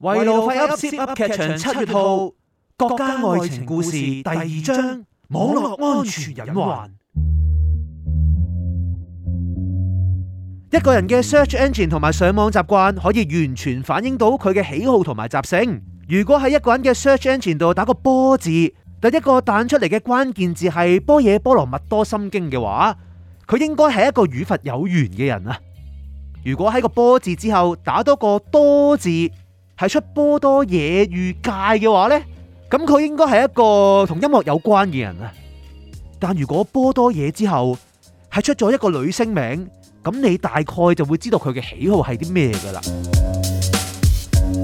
為路快 up up up 劇場七月號，郭家愛情故事第二章，網絡安全隱患。一個人嘅 search engine 同埋上網習慣可以完全反映到佢嘅喜好同埋習性。如果喺一個人嘅 search engine 度打個波字，第一個彈出嚟嘅關鍵字係波嘢波羅蜜多心經嘅話，佢應該係一個與佛有緣嘅人啊。如果喺個波字之後打多個多字。係出波多野裕介嘅話呢，咁佢應該係一個同音樂有關嘅人啊。但如果波多野之後係出咗一個女星名，咁你大概就會知道佢嘅喜好係啲咩噶啦。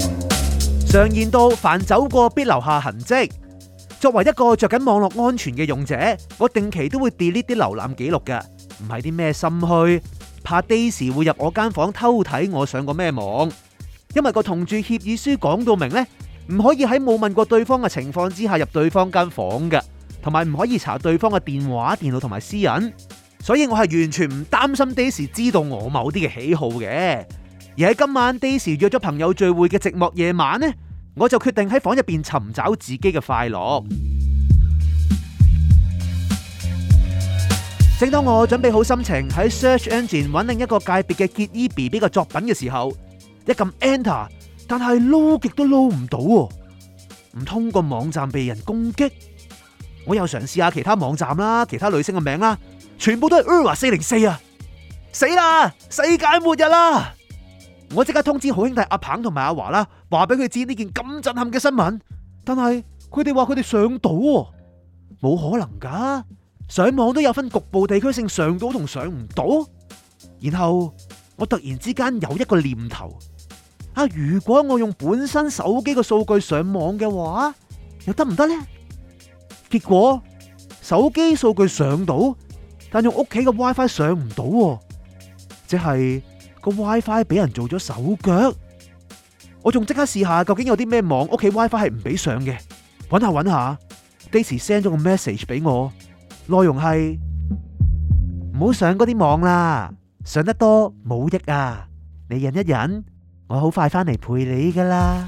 常言道，凡走過必留下痕跡。作為一個着緊網絡安全嘅用者，我定期都會 delete 啲瀏覽記錄㗎，唔係啲咩心虛，怕 Daisy 會入我間房偷睇我上過咩網。因為個同住協議書講到明呢，唔可以喺冇問過對方嘅情況之下入對方間房嘅，同埋唔可以查對方嘅電話、電腦同埋私隱。所以我係完全唔擔心 Daisy 知道我某啲嘅喜好嘅。而喺今晚 Daisy 約咗朋友聚會嘅寂寞夜晚呢，我就決定喺房入邊尋找自己嘅快樂。 樂正當我準備好心情喺 search engine 揾另一個界別嘅傑伊 B B 嘅作品嘅時候，一撳 enter，但係撈極都撈唔到喎，唔通個網站被人攻擊。我又嘗試下其他網站啦，其他女星嘅名啦，全部都係 UWA 四零四啊！死啦，世界末日啦！我即刻通知好兄弟阿鵬同埋阿華啦，話俾佢知呢件咁震撼嘅新聞。但係佢哋話佢哋上到喎，冇可能噶，上網都有分局部地區性上到同上唔到。然後。我突然之間有一個念頭，啊！如果我用本身手機嘅數據上網嘅話，又得唔得呢？結果手機數據上到，但用屋企個 WiFi 上唔到，即係個 WiFi 俾人做咗手腳。我仲即刻試下究竟有啲咩網屋企 WiFi 係唔俾上嘅，搵下搵下，Daisy send 咗個 message 俾我，內容係唔好上嗰啲網啦。想得多冇益啊！你忍一忍，我好快返嚟陪你噶啦。